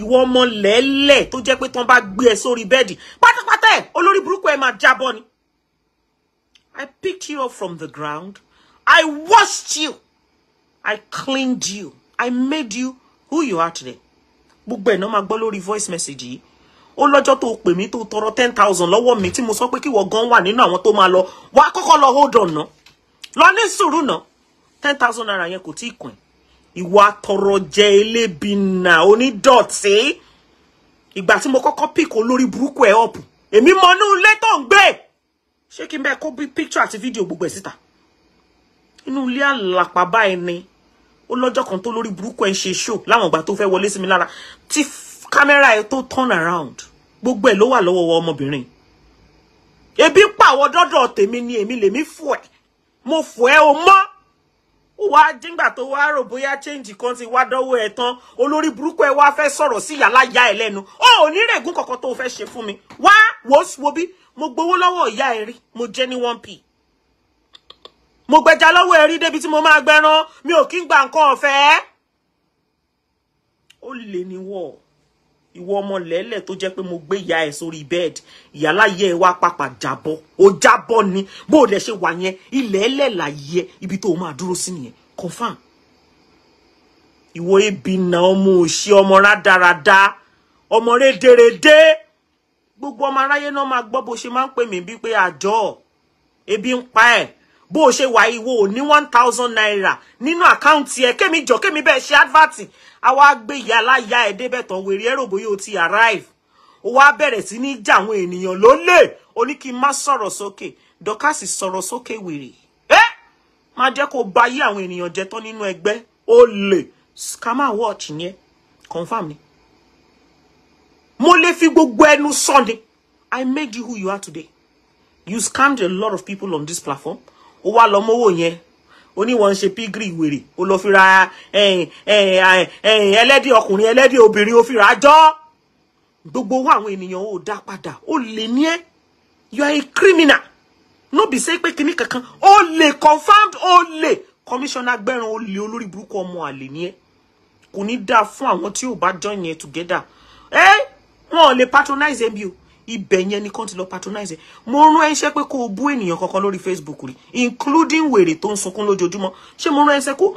ìwọ ọmọ lẹ́lẹ̀ tó jẹ́ pé tán bá gbé ẹ sórí bẹ́ẹ̀dì pátápátá ẹ̀ olórí burúkú ẹ̀ máa ni. I picked you up from the ground. I washed you. I cleaned you. I made you who you are today. Gbogbo ẹ̀ náà máa gbọ́ lórí voice message yìí. Ó lọ́jọ́ to pè mí tó tọrọ ten thousand lọ́wọ́ mi tí mo sọ pé kíwọ gan wà nínú àwọn tó máa lọ. Wa á kọ́kọ́ hold on náà. Lo ní suru náà. ten thousand naira yẹn kò tí ì ìwà tọrọjẹ elébìnà onídọ̀tí ìgbà tí mo kọ́kọ́ píkò lórí burúkú ẹ̀ ọ̀pù èmi mọ inú ilé tó ń gbé ṣé kí n bẹ́ẹ̀ kó bí píkṣọ àti fídíò gbogbo ẹ̀ síta inú ilé àlàpà báyìí ni ó lọ́jọ́ kan tó lórí burúkú ẹ̀ ń ṣe ṣó láwọn ìgbà tó fẹ́ wọlé sí mi lára tí kámẹ́rà ẹ̀ tó turn around gbogbo ẹ̀ ló wà lọ́wọ́ ọmọbìnrin ebi pàwọ́ dọ́dọ̀ tèmi ni èmi lèmi fò ẹ́ mo fò ẹ́ o mọ́ ó wá díngbà tó wá rò bóyá change kan ti wá dọ́wọ́ ẹ̀ tán olórí burúkú ẹ wá fẹ́ sọ̀rọ̀ sí ya láyà ẹ lẹ́nu ó ò ní rẹ̀gún kankan tó fẹ́ ṣe fún mi wá wò ó mo gbowó lọ́wọ́ ìyá ẹ mo jẹ́ ní one p mo gbẹja lọ́wọ́ ẹ rí débi mo máa gbẹran mi ò kí ń gba nǹkan ọ̀fẹ́ ó lè ní wọ́ọ̀ ìwọ ọmọ lẹ́lẹ̀ tó jẹ́ pé mo gbé ìyá ẹ̀ sórí bẹ́ẹ̀dì ìyálà yẹ ẹ wá pàpà jábọ́ ó jábọ́ ni bó o dẹ̀ ṣe wà yẹn ilẹ̀ ẹlẹ̀ láyé ibi tó o máa dúró sí nìyẹn confam ìwọ ebi na ọmọ òṣì ọmọ rádaràda ọmọ rédèrèdè gbogbo ọmọ aráyé náà máa gbọ́ bó ṣe máa ń pè mí bíi pé àjọ ebi ń pa ẹ̀ bó o ṣe wà ìwọ ò one thousand naira nínú account ẹ kémi jọ kémi bẹ́ẹ̀ ṣe advert àwa gbé ìyá aláya ẹ̀ débẹ̀ tán wèrè ẹ̀rọ bóyá ti arrive ó wá bẹ̀rẹ̀ sí ní já àwọn ènìyàn lólè ó ní kí n má sọ̀rọ̀ sókè dọ́kàsì sọ̀rọ̀ sókè wèrè ẹ́ máa jẹ́ kó ba yí àwọn ènìyàn jẹ tán nínú ẹgbẹ́ ó scammer watch yẹn Confirm ni mo lè fi gbogbo ẹnu sọ I made you who you are today you scammed a lot of people on this platform ó wá lọ mówó yẹn ó ní wọ́n ń ṣe pígírì wèrè ó lọ fi ra ẹlẹ́dẹ̀ ọkùnrin ẹlẹ́dẹ̀ obìnrin ó fi ra gbogbo owó àwọn ènìyàn ó dá padà ó lè ní ẹ́ you are a criminal no be say pé kinní kankan ó lè confirmed ó lè commissioner gbẹ̀rún ó lè olórí burúkú ọmọ àlè ní ẹ́ kò ní dáa fún àwọn tí ò join together ẹ wọn ò patronize ẹbí o ibẹ̀ yẹn ni kàn ti lọ patronize ẹ̀ mo rán ẹṣẹ́ pé kó bú ènìyàn kankan lórí Facebook rí including wèrè tó ń sunkún lójoojúmọ́ ṣé mo rán ẹṣẹ́ kó